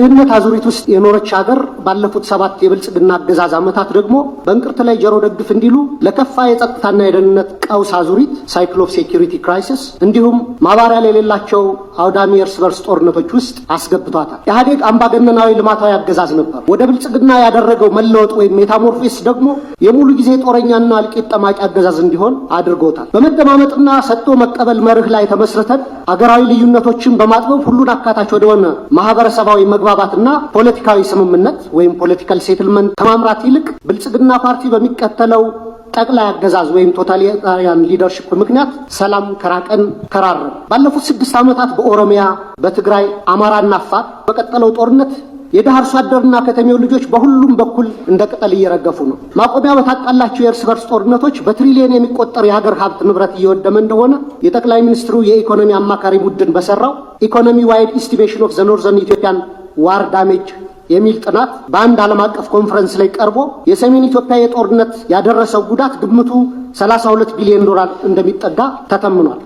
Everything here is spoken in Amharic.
ድህነት አዙሪት ውስጥ የኖረች ሀገር ባለፉት ሰባት የብልጽግና አገዛዝ ዓመታት ደግሞ በእንቅርት ላይ ጀሮ ደግፍ እንዲሉ ለከፋ የጸጥታና የደህንነት ቀውስ አዙሪት ሳይክል ኦፍ ሴኪሪቲ ክራይሲስ እንዲሁም ማባሪያ የሌላቸው አውዳሚ እርስ በርስ ጦርነቶች ውስጥ አስገብቷታል። ኢህአዴግ አምባገነናዊ ልማታዊ አገዛዝ ነበር። ወደ ብልጽግና ያደረገው መለወጥ ወይም ሜታሞርፊስ ደግሞ የሙሉ ጊዜ ጦረኛና እልቂት ጠማቂ አገዛዝ እንዲሆን አድርጎታል። በመደማመጥና ሰጥቶ መቀበል መርህ ላይ ተመስርተን አገራዊ ልዩነቶችን በማጥበብ ሁሉን አካታች ወደሆነ ማህበረሰባዊ መግባባትና ፖለቲካዊ ስምምነት ወይም ፖለቲካል ሴትልመንት ከማምራት ይልቅ ብልጽግና ፓርቲ በሚቀተለው ጠቅላይ አገዛዝ ወይም ቶታሊታሪያን ሊደርሽፕ ምክንያት ሰላም ከራቀን ከራረ ባለፉት ስድስት ዓመታት በኦሮሚያ፣ በትግራይ፣ አማራና አፋር በቀጠለው ጦርነት የድሃ አርሶ አደርና ከተሜው ልጆች በሁሉም በኩል እንደ ቅጠል እየረገፉ ነው። ማቆሚያ በታጣላቸው የእርስ በርስ ጦርነቶች በትሪሊየን የሚቆጠር የሀገር ሀብት ንብረት እየወደመ እንደሆነ የጠቅላይ ሚኒስትሩ የኢኮኖሚ አማካሪ ቡድን በሰራው ኢኮኖሚ ዋይድ ኢስቲሜሽን ኦፍ ዘኖርዘን ኢትዮጵያን ዋር ዳሜጅ የሚል ጥናት በአንድ ዓለም አቀፍ ኮንፈረንስ ላይ ቀርቦ የሰሜን ኢትዮጵያ የጦርነት ያደረሰው ጉዳት ግምቱ 32 ቢሊዮን ዶላር እንደሚጠጋ ተተምኗል።